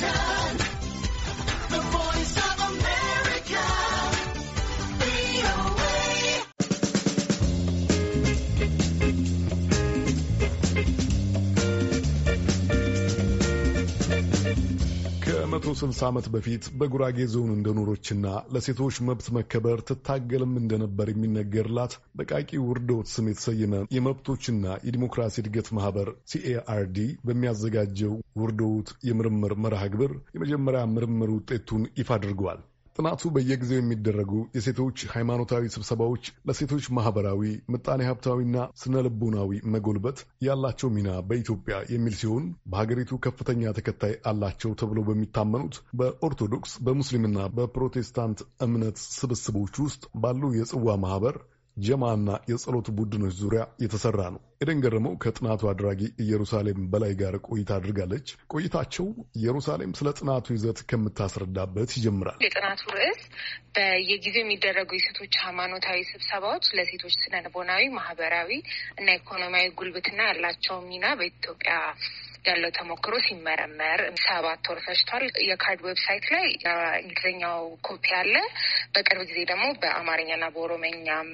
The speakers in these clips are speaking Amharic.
time. 60 ዓመት በፊት በጉራጌ ዞን እንደኖሮችና ለሴቶች መብት መከበር ትታገልም እንደነበር የሚነገርላት በቃቂ ውርዶት ስም የተሰየመ የመብቶችና የዲሞክራሲ እድገት ማህበር ሲኤአርዲ በሚያዘጋጀው ውርዶት የምርምር መርሃ ግብር የመጀመሪያ ምርምር ውጤቱን ይፋ አድርገዋል። ጥናቱ በየጊዜው የሚደረጉ የሴቶች ሃይማኖታዊ ስብሰባዎች ለሴቶች ማህበራዊ፣ ምጣኔ ሀብታዊና ስነ ልቦናዊ መጎልበት ያላቸው ሚና በኢትዮጵያ የሚል ሲሆን በሀገሪቱ ከፍተኛ ተከታይ አላቸው ተብሎ በሚታመኑት በኦርቶዶክስ በሙስሊምና በፕሮቴስታንት እምነት ስብስቦች ውስጥ ባሉ የጽዋ ማህበር ጀማና የጸሎት ቡድኖች ዙሪያ የተሰራ ነው። ኤደን ገረመው ከጥናቱ አድራጊ ኢየሩሳሌም በላይ ጋር ቆይታ አድርጋለች። ቆይታቸው ኢየሩሳሌም ስለ ጥናቱ ይዘት ከምታስረዳበት ይጀምራል። የጥናቱ ርዕስ በየጊዜው የሚደረጉ የሴቶች ሃይማኖታዊ ስብሰባዎች ለሴቶች ስነልቦናዊ፣ ማህበራዊ እና ኢኮኖሚያዊ ጉልብትና ያላቸው ሚና በኢትዮጵያ ያለው ተሞክሮ ሲመረመር ሰባት ወር ፈጅቷል። የካርድ ዌብሳይት ላይ እንግሊዝኛው ኮፒ አለ። በቅርብ ጊዜ ደግሞ በአማርኛና በኦሮመኛም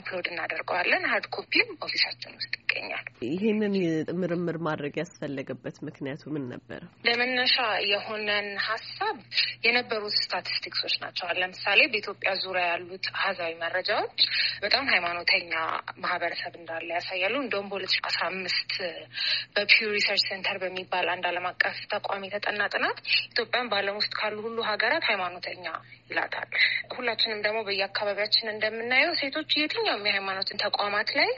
አፕሎድ እናደርገዋለን። ሀርድ ኮፒም ኦፊሳችን ውስጥ ይገኛል። ይህንን ምርምር ማድረግ ያስፈለገበት ምክንያቱ ምን ነበር? ለመነሻ የሆነን ሀሳብ የነበሩት ስታቲስቲክሶች ናቸዋል። ለምሳሌ በኢትዮጵያ ዙሪያ ያሉት አህዛዊ መረጃዎች በጣም ሃይማኖተኛ ማህበረሰብ እንዳለ ያሳያሉ። እንደውም በሁለት ሺ አስራ አምስት በፒው ሪሰርች ሴንተር በሚባል አንድ ዓለም አቀፍ ተቋም የተጠና ጥናት ኢትዮጵያን በዓለም ውስጥ ካሉ ሁሉ ሀገራት ሃይማኖተኛ ይላታል። ሁላችንም ደግሞ በየአካባቢያችን እንደምናየው ሴቶች የትኛውም የሃይማኖትን ተቋማት ላይ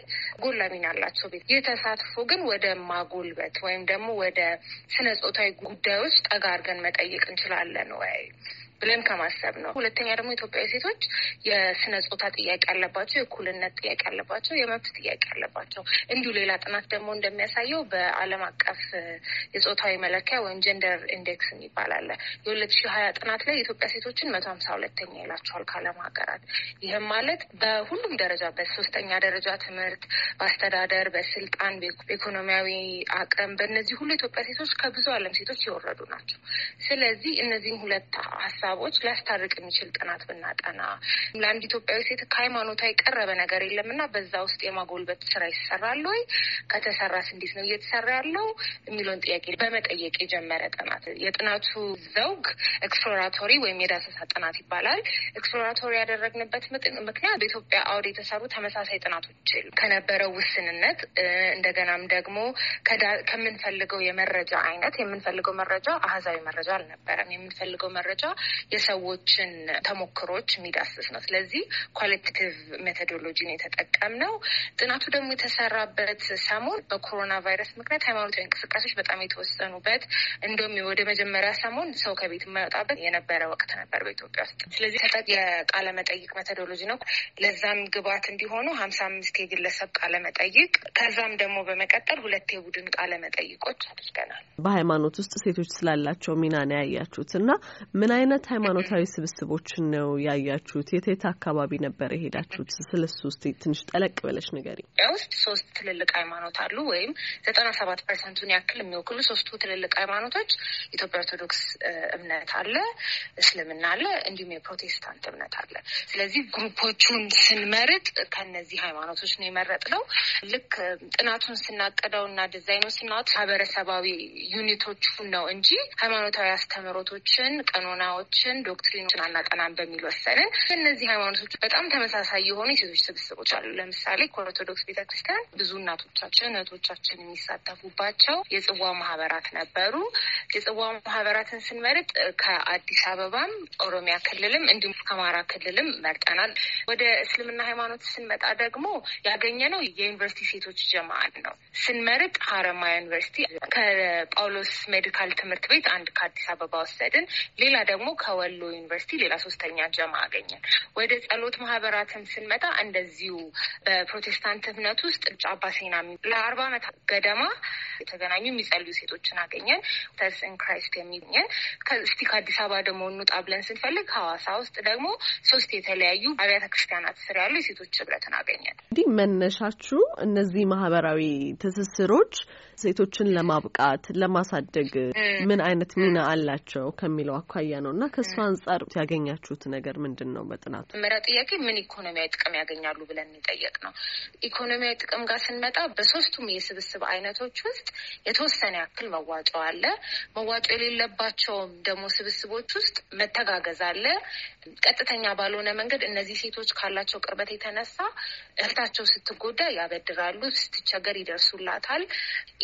ጎላ ሚና አላቸው። በራሳቸው ቤት። የተሳትፎ ግን ወደ ማጎልበት ወይም ደግሞ ወደ ስነ ጾታዊ ጉዳዮች ጠጋ አድርገን መጠየቅ እንችላለን ወይ ብለን ከማሰብ ነው። ሁለተኛ ደግሞ ኢትዮጵያዊ ሴቶች የስነ ጾታ ጥያቄ አለባቸው፣ የእኩልነት ጥያቄ አለባቸው፣ የመብት ጥያቄ አለባቸው። እንዲሁ ሌላ ጥናት ደግሞ እንደሚያሳየው በዓለም አቀፍ የጾታዊ መለኪያ ወይም ጀንደር ኢንዴክስ የሚባል አለ። የሁለት ሺህ ሀያ ጥናት ላይ የኢትዮጵያ ሴቶችን መቶ ሀምሳ ሁለተኛ ይላቸዋል ከዓለም ሀገራት። ይህም ማለት በሁሉም ደረጃ በሶስተኛ ደረጃ ትምህርት፣ በአስተዳደር፣ በስልጣን፣ በኢኮኖሚያዊ አቅም በእነዚህ ሁሉ ኢትዮጵያ ሴቶች ከብዙ ዓለም ሴቶች የወረዱ ናቸው። ስለዚህ እነዚህም ሁለት ሀሳብ ሀሳቦች ሊያስታርቅ የሚችል ጥናት ብናጠና ለአንድ ኢትዮጵያዊ ሴት ከሃይማኖቷ የቀረበ ነገር የለም እና በዛ ውስጥ የማጎልበት ስራ ይሰራል ወይ? ከተሰራስ እንዴት ነው እየተሰራ ያለው የሚለውን ጥያቄ በመጠየቅ የጀመረ ጥናት። የጥናቱ ዘውግ ኤክስፕሎራቶሪ ወይም የዳሰሳ ጥናት ይባላል። ኤክስፕሎራቶሪ ያደረግንበት ምክንያት በኢትዮጵያ አውድ የተሰሩ ተመሳሳይ ጥናቶች ከነበረው ውስንነት እንደገናም ደግሞ ከምንፈልገው የመረጃ አይነት የምንፈልገው መረጃ አህዛዊ መረጃ አልነበረም። የምንፈልገው መረጃ የሰዎችን ተሞክሮች የሚዳስስ ነው። ስለዚህ ኳሊቴቲቭ ሜቶዶሎጂን የተጠቀም ነው። ጥናቱ ደግሞ የተሰራበት ሰሞን በኮሮና ቫይረስ ምክንያት ሃይማኖታዊ እንቅስቃሴዎች በጣም የተወሰኑበት እንደውም ወደ መጀመሪያ ሰሞን ሰው ከቤት የማይወጣበት የነበረ ወቅት ነበር በኢትዮጵያ ውስጥ። ስለዚህ የቃለ መጠይቅ ሜቶዶሎጂ ነው። ለዛም ግብዓት እንዲሆኑ ሀምሳ አምስት የግለሰብ ቃለ መጠይቅ ከዛም ደግሞ በመቀጠል ሁለት የቡድን ቃለ መጠይቆች አድርገናል። በሃይማኖት ውስጥ ሴቶች ስላላቸው ሚና ነው ያያችሁት እና ምን አይነት አይነት ሃይማኖታዊ ስብስቦችን ነው ያያችሁት? የት የት አካባቢ ነበር የሄዳችሁት? ስለ እሱ ትንሽ ጠለቅ ብለሽ ንገሪኝ። ውስጥ ሶስት ትልልቅ ሃይማኖት አሉ ወይም ዘጠና ሰባት ፐርሰንቱን ያክል የሚወክሉ ሶስቱ ትልልቅ ሃይማኖቶች ኢትዮጵያ ኦርቶዶክስ እምነት አለ፣ እስልምና አለ፣ እንዲሁም የፕሮቴስታንት እምነት አለ። ስለዚህ ግሩፖቹን ስንመርጥ ከነዚህ ሃይማኖቶች ነው የመረጥነው። ልክ ጥናቱን ስናቀደው እና ዲዛይኑ ስናወጥ ማህበረሰባዊ ዩኒቶቹ ነው እንጂ ሃይማኖታዊ አስተምሮቶችን ቀኖናዎች ሀሳቦችን ዶክትሪኖችን አናጠናም በሚል ወሰንን። እነዚህ ሃይማኖቶች በጣም ተመሳሳይ የሆኑ የሴቶች ስብስቦች አሉ። ለምሳሌ ከኦርቶዶክስ ቤተክርስቲያን ብዙ እናቶቻችን እህቶቻችን የሚሳተፉባቸው የጽዋ ማህበራት ነበሩ። የጽዋ ማህበራትን ስንመርጥ ከአዲስ አበባም ኦሮሚያ ክልልም እንዲሁም ከአማራ ክልልም መርጠናል። ወደ እስልምና ሃይማኖት ስንመጣ ደግሞ ያገኘነው የዩኒቨርሲቲ ሴቶች ጀማአን ነው። ስንመርጥ ሀረማያ ዩኒቨርሲቲ ከጳውሎስ ሜዲካል ትምህርት ቤት አንድ ከአዲስ አበባ ወሰድን። ሌላ ደግሞ ከወሎ ዩኒቨርሲቲ ሌላ ሶስተኛ ጀማ አገኘን። ወደ ጸሎት ማህበራትም ስንመጣ እንደዚሁ በፕሮቴስታንት እምነት ውስጥ አባ ሴና ለአርባ አመት ገደማ የተገናኙ የሚጸልዩ ሴቶችን አገኘን። ተርስ ኢን ክራይስት የሚገኘን እስቲ ከአዲስ አበባ ደግሞ እንውጣ ብለን ስንፈልግ ሀዋሳ ውስጥ ደግሞ ሶስት የተለያዩ አብያተ ክርስቲያናት ስር ያሉ የሴቶች ህብረትን አገኘን። እንዲህ መነሻችሁ እነዚህ ማህበራዊ ትስስሮች ሴቶችን ለማብቃት ለማሳደግ ምን አይነት ሚና አላቸው ከሚለው አኳያ ነው እና ከእሱ አንጻር ያገኛችሁት ነገር ምንድን ነው? በጥናቱ መጀመሪያ ጥያቄ ምን ኢኮኖሚያዊ ጥቅም ያገኛሉ ብለን የሚጠየቅ ነው። ኢኮኖሚያዊ ጥቅም ጋር ስንመጣ በሶስቱም የስብስብ አይነቶች ውስጥ የተወሰነ ያክል መዋጮ አለ። መዋጮ የሌለባቸውም ደግሞ ስብስቦች ውስጥ መተጋገዝ አለ። ቀጥተኛ ባልሆነ መንገድ እነዚህ ሴቶች ካላቸው ቅርበት የተነሳ እህታቸው ስትጎዳ ያበድራሉ፣ ስትቸገር ይደርሱላታል።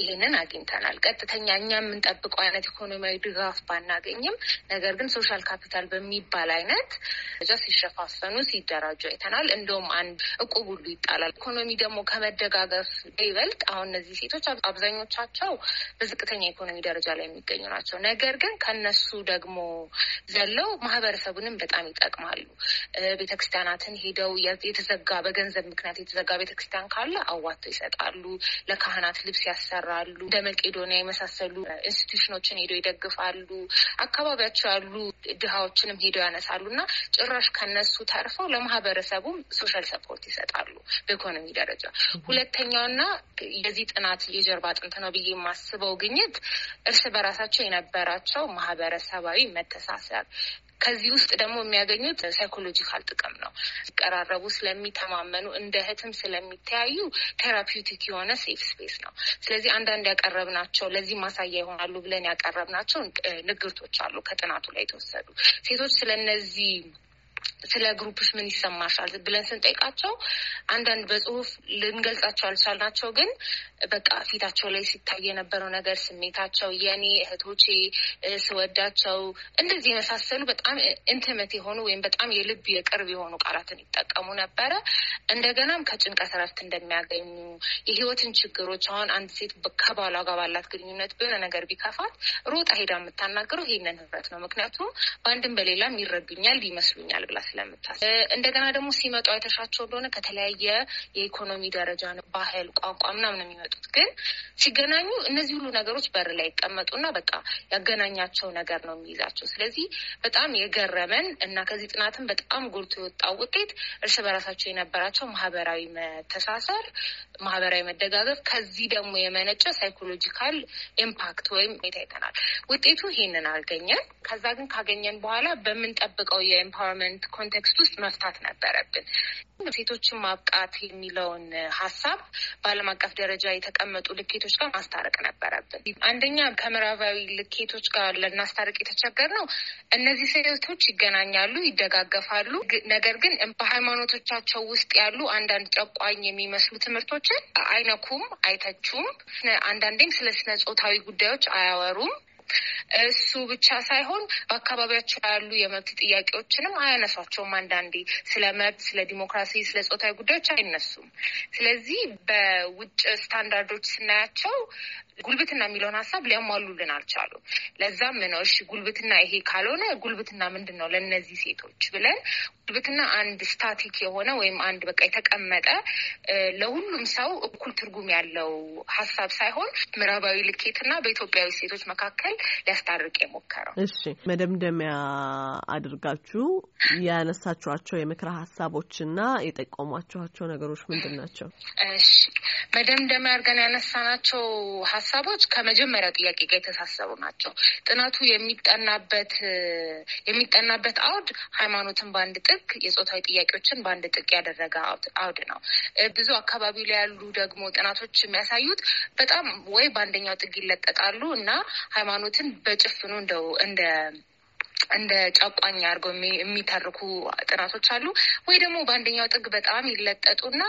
ይሄንን አግኝተናል። ቀጥተኛ እኛ የምንጠብቀው አይነት ኢኮኖሚያዊ ድጋፍ ባናገኝም፣ ነገር ግን ሶሻል ካፒታል በሚባል አይነት ጃ ሲሸፋፈኑ ሲደራጁ አይተናል። እንደውም አንድ እቁብ ሁሉ ይጣላል። ኢኮኖሚ ደግሞ ከመደጋገፍ ይበልጥ አሁን እነዚህ ሴቶች አብዛኞቻቸው በዝቅተኛ ኢኮኖሚ ደረጃ ላይ የሚገኙ ናቸው። ነገር ግን ከነሱ ደግሞ ዘለው ማህበረሰቡንም በጣም ይጠቅማሉ። ቤተክርስቲያናትን ሄደው የተዘጋ በገንዘብ ምክንያት የተዘጋ ቤተክርስቲያን ካለ አዋቶ ይሰጣሉ። ለካህናት ልብስ ያሰራሉ። እንደ መቄዶኒያ የመሳሰሉ ኢንስቲቱሽኖችን ሄደው ይደግፋሉ። አካባቢያቸው ያሉ ድሃዎችንም ሄደው ያነሳሉ እና ጭራሽ ከነሱ ተርፈው ለማህበረሰቡም ሶሻል ሰፖርት ይሰጣሉ በኢኮኖሚ ደረጃ። ሁለተኛውና የዚህ ጥናት የጀርባ አጥንት ነው ብዬ የማስበው ግኝት እርስ በራሳቸው የነበራቸው ማህበረሰባዊ መተሳሰብ ከዚህ ውስጥ ደግሞ የሚያገኙት ሳይኮሎጂካል ጥቅም ነው። ሲቀራረቡ ስለሚተማመኑ፣ እንደ እህትም ስለሚተያዩ ቴራፒውቲክ የሆነ ሴፍ ስፔስ ነው። ስለዚህ አንዳንድ ያቀረብናቸው ለዚህ ማሳያ ይሆናሉ ብለን ያቀረብናቸው ንግርቶች አሉ ከጥናቱ ላይ የተወሰዱ ሴቶች ስለነዚህ ስለ ግሩፕሽ ምን ይሰማሻል ብለን ስንጠይቃቸው አንዳንድ በጽሁፍ ልንገልጻቸው አልቻልናቸው፣ ግን በቃ ፊታቸው ላይ ሲታይ የነበረው ነገር ስሜታቸው፣ የኔ እህቶቼ ስወዳቸው፣ እንደዚህ የመሳሰሉ በጣም ኢንቲመት የሆኑ ወይም በጣም የልብ የቅርብ የሆኑ ቃላትን ይጠቀሙ ነበረ። እንደገናም ከጭንቀት ረፍት እንደሚያገኙ የህይወትን ችግሮች አሁን አንድ ሴት ከባሏ ጋር ባላት ግንኙነት በሆነ ነገር ቢከፋት ሮጣ ሄዳ የምታናገረው ይህንን ህብረት ነው። ምክንያቱም በአንድም በሌላም ይረዱኛል ይመስሉኛል ብላ ስለምታስ እንደገና ደግሞ ሲመጡ አይተሻቸው እንደሆነ ከተለያየ የኢኮኖሚ ደረጃ ነው፣ ባህል፣ ቋንቋ ምናምን የሚመጡት ግን ሲገናኙ እነዚህ ሁሉ ነገሮች በር ላይ ይቀመጡና በቃ ያገናኛቸው ነገር ነው የሚይዛቸው። ስለዚህ በጣም የገረመን እና ከዚህ ጥናትም በጣም ጎልቶ የወጣው ውጤት እርስ በራሳቸው የነበራቸው ማህበራዊ መተሳሰር ማህበራዊ መደጋገፍ ከዚህ ደግሞ የመነጨ ሳይኮሎጂካል ኢምፓክት ወይም ሁኔታ ይተናል። ውጤቱ ይሄንን አልገኘን። ከዛ ግን ካገኘን በኋላ በምንጠብቀው የኤምፓወርመንት ኮንቴክስት ውስጥ መፍታት ነበረብን። ሴቶችን ማብቃት የሚለውን ሀሳብ በዓለም አቀፍ ደረጃ የተቀመጡ ልኬቶች ጋር ማስታረቅ ነበረብን። አንደኛ ከምዕራባዊ ልኬቶች ጋር ለናስታረቅ ነው። እነዚህ ሴቶች ይገናኛሉ፣ ይደጋገፋሉ። ነገር ግን በሃይማኖቶቻቸው ውስጥ ያሉ አንዳንድ ጨቋኝ የሚመስሉ ትምህርቶች ሴቶችን አይነኩም፣ አይተችም አንዳንዴም ስለ ስነ ጾታዊ ጉዳዮች አያወሩም። እሱ ብቻ ሳይሆን በአካባቢያቸው ያሉ የመብት ጥያቄዎችንም አያነሷቸውም። አንዳንዴ ስለ መብት፣ ስለ ዲሞክራሲ፣ ስለ ጾታዊ ጉዳዮች አይነሱም። ስለዚህ በውጭ ስታንዳርዶች ስናያቸው ጉልብትና የሚለውን ሀሳብ ሊያሟሉልን አልቻሉም። ለዛም ነው እሺ ጉልብትና ይሄ ካልሆነ ጉልብትና ምንድን ነው ለእነዚህ ሴቶች ብለን ጉልብትና አንድ ስታቲክ የሆነ ወይም አንድ በቃ የተቀመጠ ለሁሉም ሰው እኩል ትርጉም ያለው ሀሳብ ሳይሆን ምዕራባዊ ልኬትና በኢትዮጵያዊ ሴቶች መካከል ሊያስታርቅ የሞከረው። እሺ መደምደሚያ አድርጋችሁ ያነሳችኋቸው የምክረ ሀሳቦችና የጠቆሟችኋቸው ነገሮች ምንድን ናቸው? እሺ መደምደሚያ አድርገን ያነሳናቸው ሀሳቦች ከመጀመሪያው ጥያቄ ጋር የተሳሰቡ ናቸው። ጥናቱ የሚጠናበት የሚጠናበት አውድ ሃይማኖትን በአንድ ጥግ፣ የጾታዊ ጥያቄዎችን በአንድ ጥግ ያደረገ አውድ ነው። ብዙ አካባቢ ላይ ያሉ ደግሞ ጥናቶች የሚያሳዩት በጣም ወይ በአንደኛው ጥግ ይለጠጣሉ እና ሃይማኖትን በጭፍኑ እንደው እንደ እንደ ጨቋኝ አድርገው የሚተርኩ ጥናቶች አሉ። ወይ ደግሞ በአንደኛው ጥግ በጣም ይለጠጡና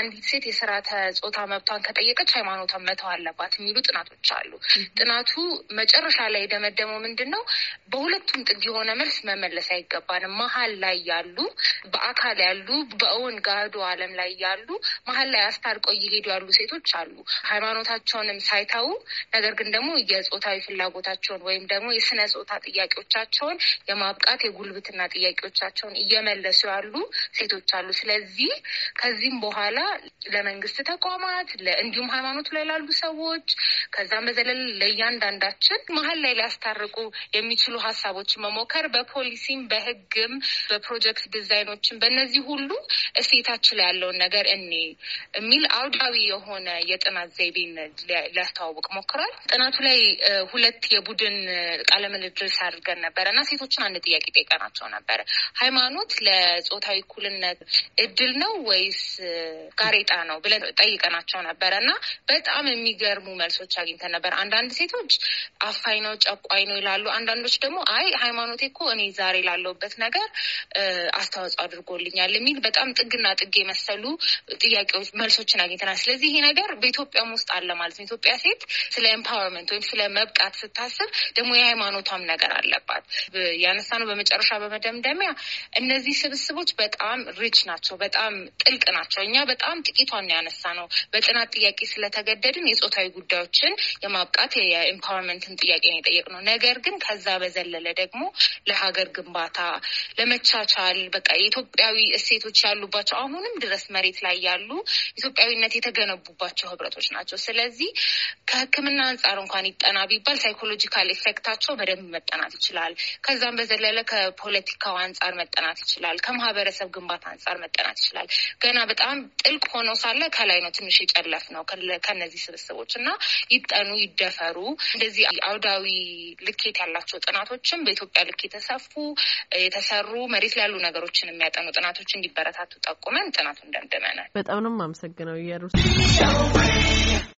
አንዲት ሴት የስርዓተ ጾታ መብቷን ከጠየቀች ሃይማኖቷን መተው አለባት የሚሉ ጥናቶች አሉ። ጥናቱ መጨረሻ ላይ የደመደመው ምንድን ነው? በሁለቱም ጥግ የሆነ መልስ መመለስ አይገባንም። መሀል ላይ ያሉ በአካል ያሉ በእውን ጋዶ አለም ላይ ያሉ መሀል ላይ አስታርቀው እየሄዱ ያሉ ሴቶች አሉ። ሃይማኖታቸውንም ሳይተው ነገር ግን ደግሞ የጾታዊ ፍላጎታቸውን ወይም ደግሞ የስነ ጾታ ጥያቄዎቻ ጥያቄዎቻቸውን የማብቃት የጉልብትና ጥያቄዎቻቸውን እየመለሱ ያሉ ሴቶች አሉ። ስለዚህ ከዚህም በኋላ ለመንግስት ተቋማት እንዲሁም ሃይማኖቱ ላይ ላሉ ሰዎች ከዛም በዘለል ለእያንዳንዳችን መሀል ላይ ሊያስታርቁ የሚችሉ ሀሳቦችን መሞከር በፖሊሲም፣ በህግም፣ በፕሮጀክት ዲዛይኖችም በእነዚህ ሁሉ እሴታችን ላይ ያለውን ነገር እኔ የሚል አውዳዊ የሆነ የጥናት ዘይቤን ሊያስተዋውቅ ሞክሯል። ጥናቱ ላይ ሁለት የቡድን ቃለምልልስ አድርገን ነበር። ነበረ እና ሴቶችን አንድ ጥያቄ ጠይቀናቸው ነበረ። ሃይማኖት ለጾታዊ እኩልነት እድል ነው ወይስ ጋሬጣ ነው ብለን ጠይቀናቸው ነበረ እና በጣም የሚገርሙ መልሶች አግኝተን ነበር። አንዳንድ ሴቶች አፋኝ ነው፣ ጨቋኝ ነው ይላሉ። አንዳንዶች ደግሞ አይ ሃይማኖቴ እኮ እኔ ዛሬ ላለውበት ነገር አስተዋጽኦ አድርጎልኛል የሚል በጣም ጥግና ጥግ የመሰሉ ጥያቄዎች መልሶችን አግኝተናል። ስለዚህ ይሄ ነገር በኢትዮጵያም ውስጥ አለ ማለት ነው። ኢትዮጵያ ሴት ስለ ኤምፓወርመንት ወይም ስለ መብቃት ስታስብ ደግሞ የሃይማኖቷም ነገር አለባት። ያነሳ ነው። በመጨረሻ በመደምደሚያ እነዚህ ስብስቦች በጣም ሪች ናቸው፣ በጣም ጥልቅ ናቸው። እኛ በጣም ጥቂቷን ያነሳ ነው። በጥናት ጥያቄ ስለተገደድን የጾታዊ ጉዳዮችን የማብቃት የኤምፓወርመንትን ጥያቄ ነው የጠየቅነው። ነገር ግን ከዛ በዘለለ ደግሞ ለሀገር ግንባታ፣ ለመቻቻል በቃ የኢትዮጵያዊ እሴቶች ያሉባቸው አሁንም ድረስ መሬት ላይ ያሉ ኢትዮጵያዊነት የተገነቡባቸው ህብረቶች ናቸው። ስለዚህ ከሕክምና አንጻር እንኳን ይጠና ቢባል ሳይኮሎጂካል ኢፌክታቸው በደንብ መጠናት ይችላል። ይችላል። ከዛም በዘለለ ከፖለቲካው አንጻር መጠናት ይችላል። ከማህበረሰብ ግንባታ አንጻር መጠናት ይችላል። ገና በጣም ጥልቅ ሆኖ ሳለ ከላይ ነው ትንሽ የጨለፍ ነው ከነዚህ ስብስቦች እና ይጠኑ፣ ይደፈሩ እንደዚህ አውዳዊ ልኬት ያላቸው ጥናቶችም በኢትዮጵያ ልክ የተሰፉ የተሰሩ መሬት ላይ ያሉ ነገሮችን የሚያጠኑ ጥናቶች እንዲበረታቱ ጠቁመን ጥናቱን ደምድመናል። በጣም ነው የማመሰግነው የሩስ